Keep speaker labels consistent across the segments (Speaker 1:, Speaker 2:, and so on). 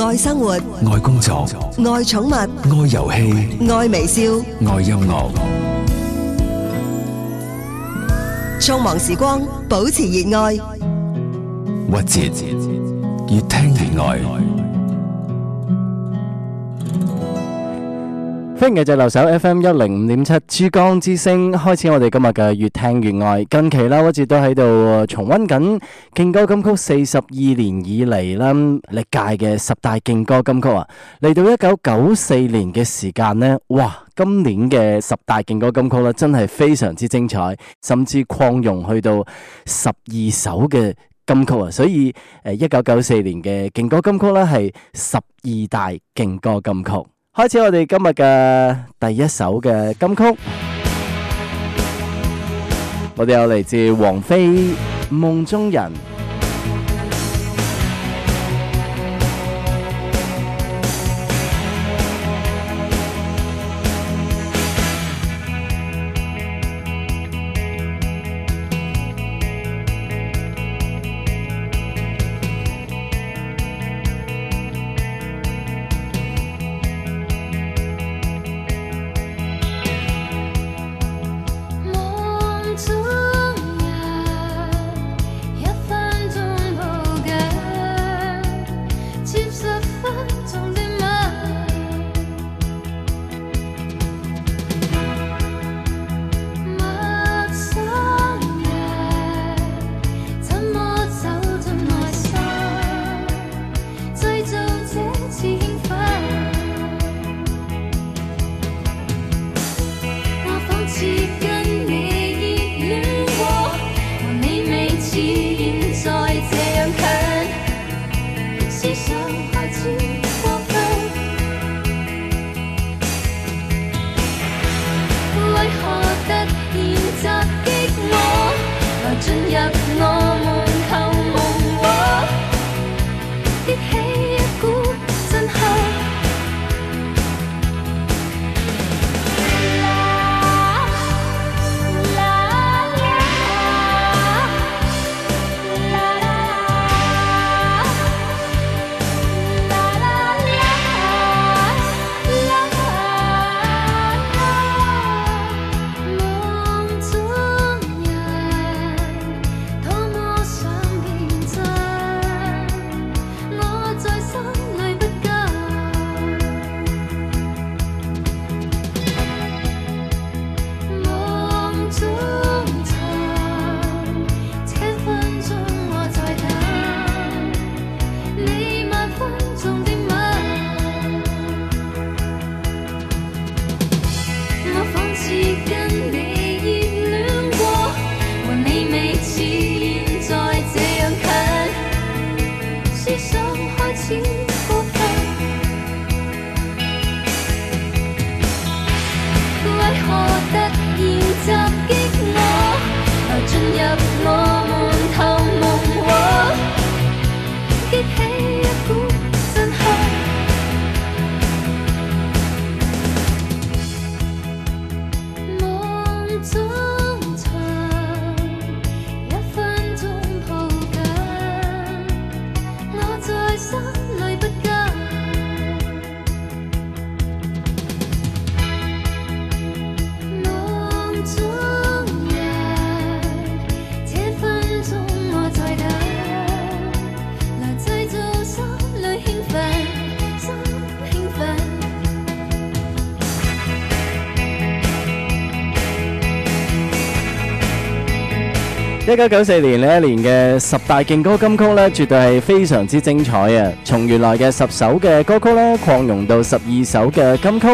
Speaker 1: 愛生活，
Speaker 2: 愛工作，
Speaker 1: 愛寵物，
Speaker 2: 愛遊戲，
Speaker 1: 愛微笑，
Speaker 2: 愛音樂。
Speaker 1: 匆忙時光，保持熱愛。
Speaker 2: 屈折，越聽越
Speaker 1: 愛。
Speaker 3: 歡迎繼續留守 FM 一零五點七珠江之聲，開始我哋今日嘅越聽越愛。近期啦，我一直都喺度重温緊勁歌金曲四十二年以嚟啦，歷屆嘅十大勁歌金曲啊！嚟到一九九四年嘅時間呢，哇！今年嘅十大勁歌金曲咧，真係非常之精彩，甚至擴容去到十二首嘅金曲啊！所以誒，一九九四年嘅勁歌金曲咧，係十二大勁歌金曲。開始我哋今日嘅第一首嘅金曲，我哋有嚟自王菲《夢中人》。一九九四年呢一年嘅十大勁歌金曲呢，絕對係非常之精彩啊！從原來嘅十首嘅歌曲啦，擴容到十二首嘅金曲，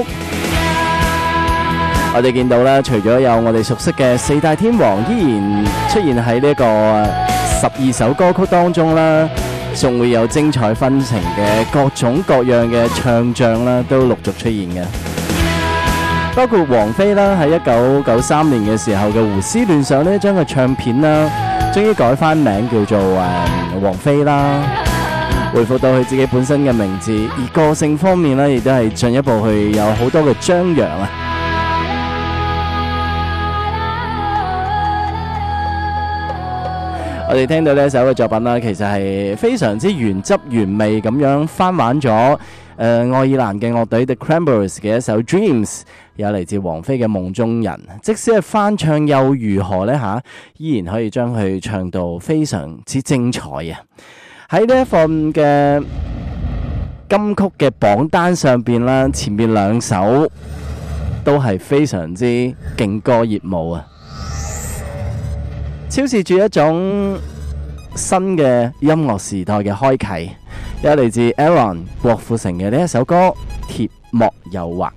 Speaker 3: 我哋見到啦，除咗有我哋熟悉嘅四大天王，依然出現喺呢個十二首歌曲當中啦，仲會有精彩紛呈嘅各種各樣嘅唱將啦，都陸續出現嘅。包括王菲啦，喺一九九三年嘅時候嘅胡思亂想呢張嘅唱片啦，終於改翻名叫做誒王菲啦，回復到佢自己本身嘅名字。而個性方面呢，亦都係進一步去有好多嘅張揚啊！我哋聽到呢一首嘅作品啦，其實係非常之原汁原味咁樣翻玩咗。誒、呃、愛爾蘭嘅樂隊 The Cranberries 嘅一首《Dreams》，有嚟自王菲嘅《夢中人》，即使係翻唱又如何呢？啊、依然可以將佢唱到非常之精彩啊！喺呢一份嘅金曲嘅榜單上面，啦，前面兩首都係非常之勁歌熱舞啊！超視住一種新嘅音樂時代嘅開啟有嚟自 Aaron 郭富城嘅呢一首歌《鐵幕誘惑》。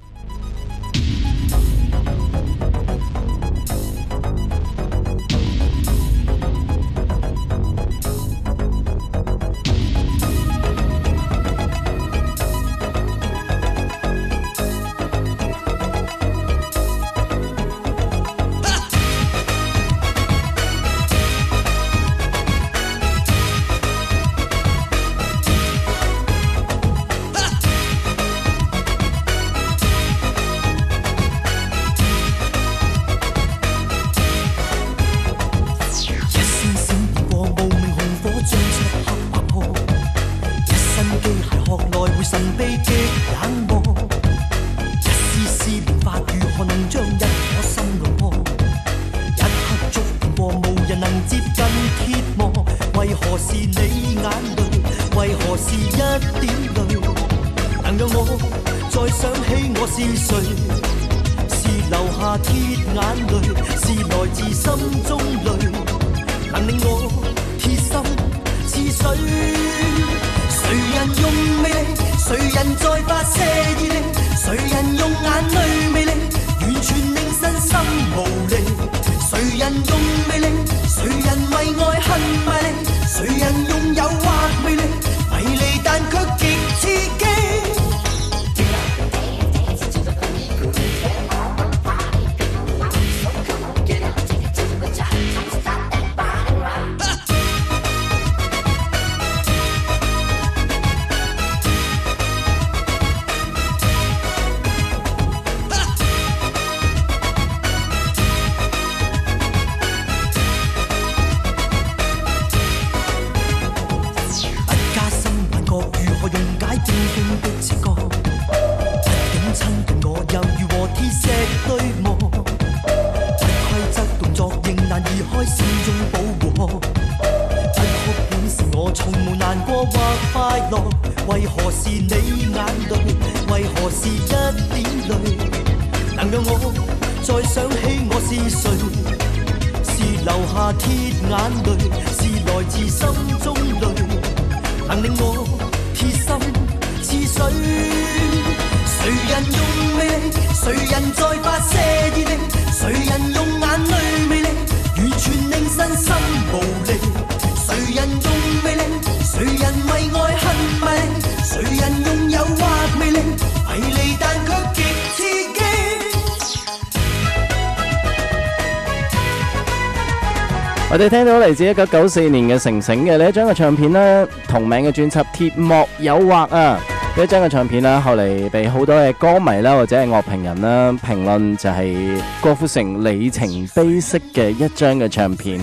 Speaker 3: 你哋聽到嚟自一九九四年嘅城城嘅呢一張嘅唱片啦、啊，同名嘅專輯《鐵幕誘惑》啊，呢一張嘅唱片咧、啊，後嚟被好多嘅歌迷啦、啊，或者係樂評人啦評論就係郭富城里程碑式嘅一張嘅唱片。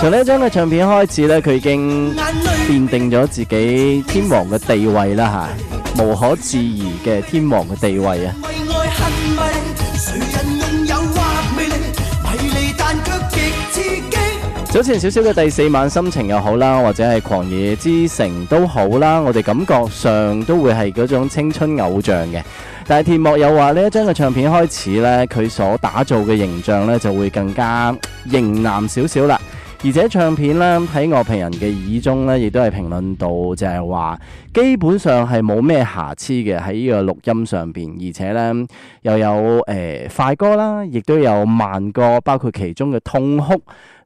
Speaker 3: 從呢一張嘅唱片開始咧，佢已經奠定咗自己天王嘅地位啦、啊、吓，無可置疑嘅天王嘅地位啊！早前少少嘅《第四晚心情又好》啦，或者係《狂野之城》都好啦，我哋感覺上都會係嗰種青春偶像嘅。但係鐵木又話呢一張嘅唱片開始咧，佢所打造嘅形象咧就會更加型男少少啦。而且唱片咧喺樂評人嘅耳中咧，亦都係評論到就係話，基本上係冇咩瑕疵嘅喺呢個錄音上邊，而且咧又有誒、呃、快歌啦，亦都有慢歌，包括其中嘅《痛哭》。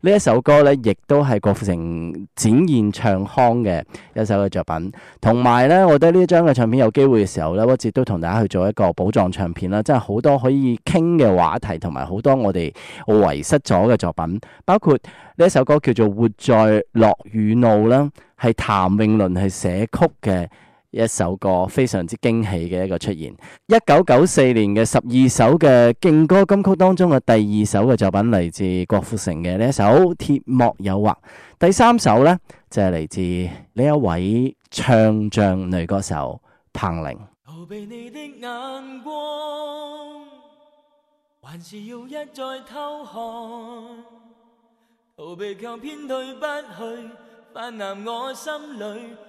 Speaker 3: 呢一首歌咧，亦都係郭富城展現唱腔嘅一首嘅作品。同埋咧，我覺得呢張嘅唱片有機會嘅時候咧，我一直都同大家去做一個寶藏唱片啦，真係好多可以傾嘅話題，同埋好多我哋遺失咗嘅作品，包括呢一首歌叫做《活在樂與怒》啦，係譚詠麟係寫曲嘅。一首歌非常之驚喜嘅一個出現，一九九四年嘅十二首嘅勁歌金曲當中嘅第二首嘅作品嚟，自郭富城嘅呢一首《鐵幕誘惑》，第三首咧就係嚟自呢一位唱將女歌手彭羚。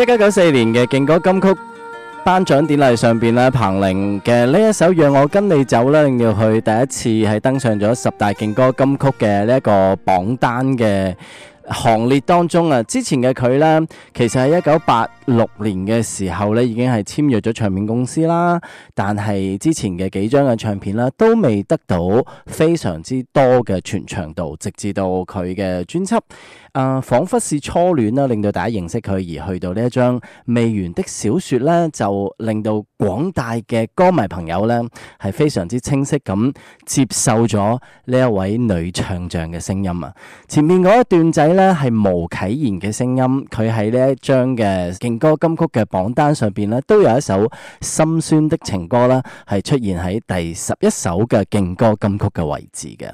Speaker 3: 一九九四年嘅勁歌金曲頒獎典禮上邊咧，彭羚嘅呢一首《讓我跟你走》咧，令到佢第一次係登上咗十大勁歌金曲嘅呢一個榜單嘅行列當中啊。之前嘅佢咧，其實係一九八。六年嘅時候咧，已經係簽約咗唱片公司啦，但係之前嘅幾張嘅嘅唱片都未得到非常之多嘅全長度。直至到佢嘅專輯，仿佛是初戀啦，令到大家認識佢，而去到呢一張未完的小說呢就令到廣大嘅歌迷朋友咧，係非常之清晰咁接受咗呢一位女唱將嘅聲音啊。前面嗰一段仔咧係巫啟賢嘅聲音，佢喺呢一張嘅經。勁歌金曲嘅榜單上邊呢，都有一首心酸的情歌啦，係出現喺第十一首嘅勁歌金曲嘅位置嘅。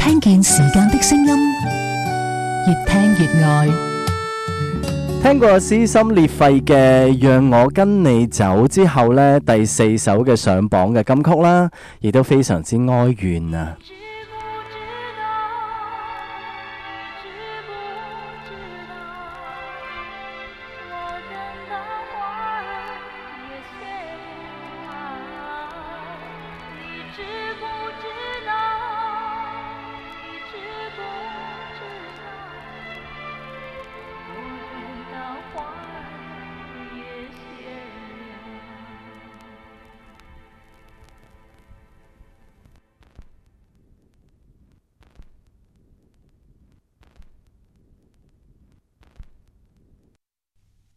Speaker 2: 聽見時間的聲音，
Speaker 1: 越聽越愛。
Speaker 3: 聽過撕心裂肺嘅讓我跟你走之後呢，第四首嘅上榜嘅金曲啦，亦都非常之哀怨啊。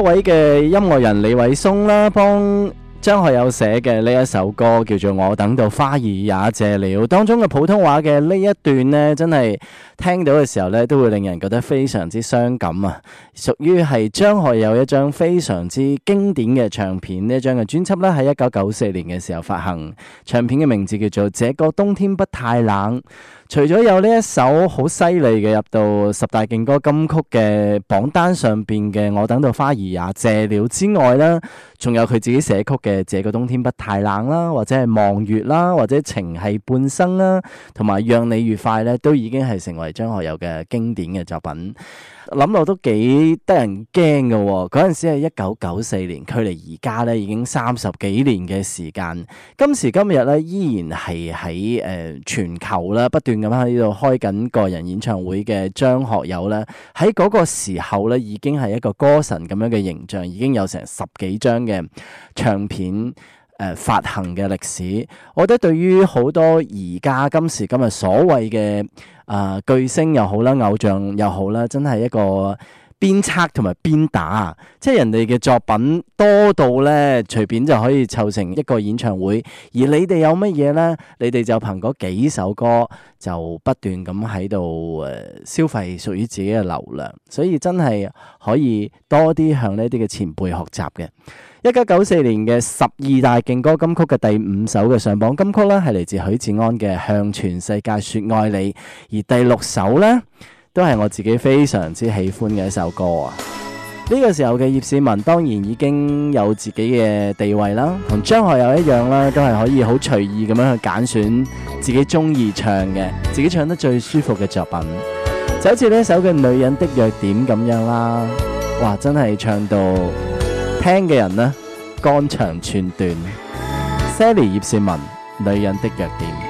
Speaker 3: 一位嘅音樂人李偉松啦、啊，幫張學友寫嘅呢一首歌叫做《我等到花兒也謝了》當中嘅普通話嘅呢一段呢，真係聽到嘅時候呢，都會令人覺得非常之傷感啊！屬於係張學友一張非常之經典嘅唱片，呢張嘅專輯呢，喺一九九四年嘅時候發行，唱片嘅名字叫做《這個冬天不太冷》。除咗有呢一首好犀利嘅入到十大勁歌金曲嘅榜單上邊嘅，我等到花兒也謝了之外呢，仲有佢自己寫曲嘅這個冬天不太冷啦，或者係望月啦，或者情係半生啦，同埋讓你愉快呢，都已經係成為張學友嘅經典嘅作品。諗落都幾得人驚嘅，嗰陣時係一九九四年，距離而家咧已經三十幾年嘅時間。今時今日咧，依然係喺誒全球啦，不斷咁喺呢度開緊個人演唱會嘅張學友咧，喺嗰個時候咧，已經係一個歌神咁樣嘅形象，已經有成十幾張嘅唱片。誒、呃、發行嘅歷史，我覺得對於好多而家今時今日所謂嘅、呃、巨星又好啦，偶像又好啦，真係一個鞭策同埋鞭打，即係人哋嘅作品多到呢，隨便就可以湊成一個演唱會。而你哋有乜嘢呢？你哋就憑嗰幾首歌，就不斷咁喺度消費屬於自己嘅流量。所以真係可以多啲向呢啲嘅前輩學習嘅。一九九四年嘅十二大勁歌金曲嘅第五首嘅上榜金曲咧，係嚟自許志安嘅《向全世界說愛你》，而第六首咧都係我自己非常之喜歡嘅一首歌啊！呢個時候嘅葉倩文當然已經有自己嘅地位啦，同張學友一樣啦，都係可以好隨意咁樣去揀選自己中意唱嘅、自己唱得最舒服嘅作品，就好似呢首嘅《女人的弱點》咁樣啦，哇，真係唱到～聽嘅人呢，肝腸寸斷。Sally 葉倩文，女人的弱點。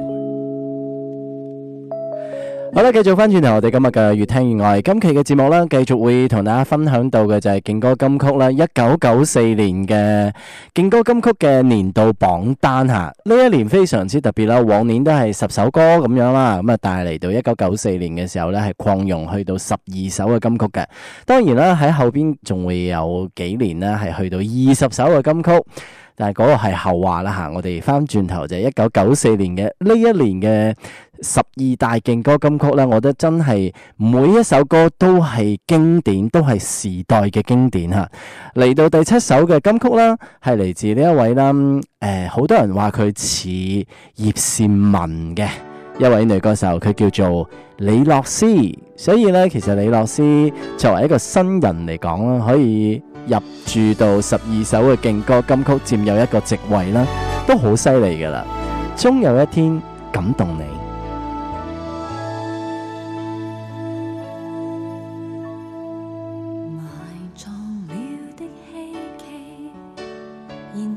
Speaker 3: 好啦，繼續翻轉頭，我哋今日嘅越聽越愛，今期嘅節目咧，繼續會同大家分享到嘅就係勁歌金曲啦，一九九四年嘅勁歌金曲嘅年度榜單吓，呢一年非常之特別啦，往年都係十首歌咁樣啦，咁啊，帶嚟到一九九四年嘅時候咧，係擴容去到十二首嘅金曲嘅，當然啦，喺後邊仲會有幾年咧係去到二十首嘅金曲，但係嗰個係後話啦吓，我哋翻轉頭就係一九九四年嘅呢一年嘅。十二大勁歌金曲呢，我覺得真係每一首歌都係經典，都係時代嘅經典吓。嚟到第七首嘅金曲啦，係嚟自呢、呃、一位啦，誒，好多人話佢似葉倩文嘅一位女歌手，佢叫做李樂詩。所以呢，其實李樂詩作為一個新人嚟講啦，可以入住到十二首嘅勁歌金曲，佔有一個席位啦，都好犀利噶啦。終有一天感動你。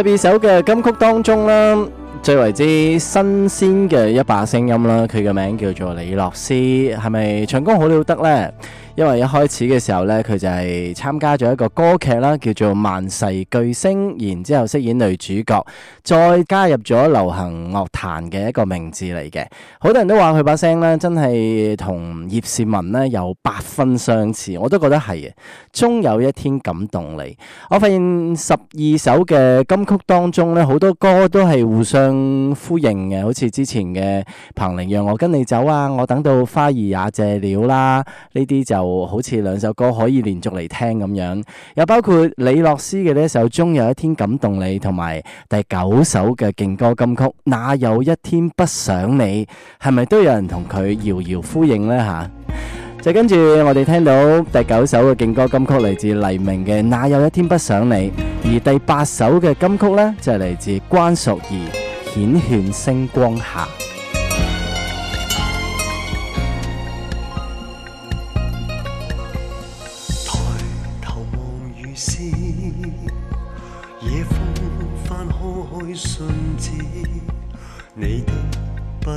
Speaker 3: 十二首嘅金曲當中啦，最為之新鮮嘅一把聲音啦，佢嘅名叫做李樂詩，係咪唱功好了得呢？因為一開始嘅時候呢，佢就係參加咗一個歌劇啦，叫做《萬世巨星》，然之後飾演女主角，再加入咗流行樂壇嘅一個名字嚟嘅。好多人都話佢把聲呢真係同葉倩文呢有八分相似，我都覺得係嘅。終有一天感動你，我發現十二首嘅金曲當中呢，好多歌都係互相呼應嘅，好似之前嘅彭羚《讓我跟你走》啊，《我等到花兒也謝了》啦，呢啲就，好似兩首歌可以連續嚟聽咁樣，又包括李樂詩嘅呢一首《終有一天感動你》，同埋第九首嘅勁歌金曲《哪有一天不想你》，係咪都有人同佢遙遙呼應呢吓？就跟住我哋聽到第九首嘅勁歌金曲嚟自黎明嘅《哪有一天不想你》，而第八首嘅金曲呢就係嚟自關淑怡《繾綣星光下》。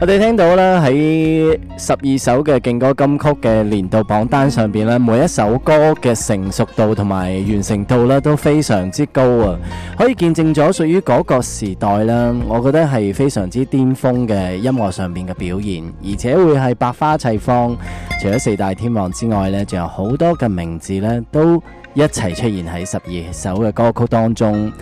Speaker 3: 我哋聽到啦，喺十二首嘅勁歌金曲嘅年度榜單上邊咧，每一首歌嘅成熟度同埋完成度咧都非常之高啊！可以見證咗屬於嗰個時代啦，我覺得係非常之巔峰嘅音樂上邊嘅表現，而且會係百花齊放。除咗四大天王之外呢，仲有好多嘅名字呢都一齊出現喺十二首嘅歌曲當中。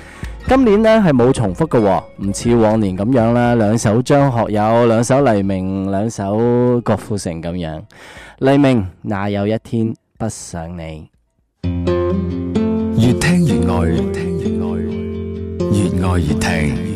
Speaker 3: 今年呢，係冇重複嘅，唔似往年咁樣啦，兩首張學友，兩首黎明，兩首郭富城咁樣。黎明，哪有一天不想你？越聽越愛，越愛
Speaker 1: 越
Speaker 2: 聽。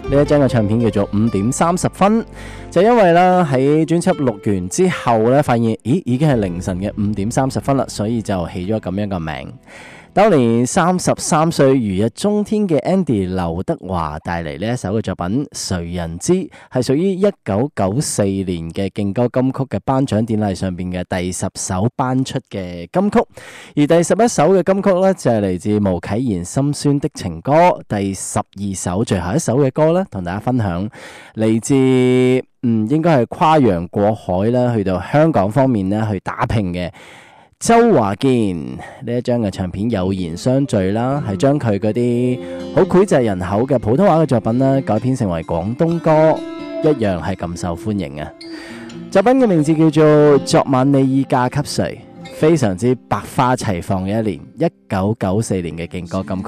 Speaker 3: 呢一張嘅唱片叫做五點三十分，就因為啦喺專輯錄完之後呢，發現咦已經係凌晨嘅五點三十分啦，所以就起咗咁樣個名。當年三十三歲如日中天嘅 Andy 劉德華帶嚟呢一首嘅作品《誰人知》，係屬於一九九四年嘅勁歌金曲嘅頒獎典禮上邊嘅第十首頒出嘅金曲。而第十一首嘅金曲咧就係嚟自巫啟賢心酸的情歌。第十二首最後一首嘅歌咧，同大家分享嚟自嗯應該係跨洋過海啦，去到香港方面咧去打拼嘅。周華健呢一張嘅唱片《有言相聚》啦，係將佢嗰啲好膾炙人口嘅普通話嘅作品呢，改編成為廣東歌，一樣係咁受歡迎啊。作品嘅名字叫做《昨晚你已嫁給誰》，非常之百花齊放嘅一年，
Speaker 2: 一九九四年嘅勁歌金曲。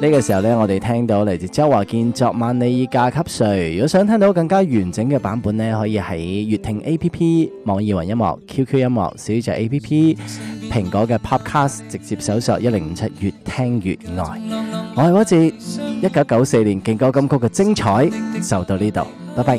Speaker 3: 呢個時候呢，我哋聽到嚟自周華健昨晚你已嫁給誰。如果想聽到更加完整嘅版本呢，可以喺越聽 A P P、網易雲音樂、QQ 音樂、小只 A P P、蘋果嘅 Podcast 直接搜索一零五七越聽越愛。我係郭志，一九九四年勁歌金曲嘅精彩就到呢度，拜拜。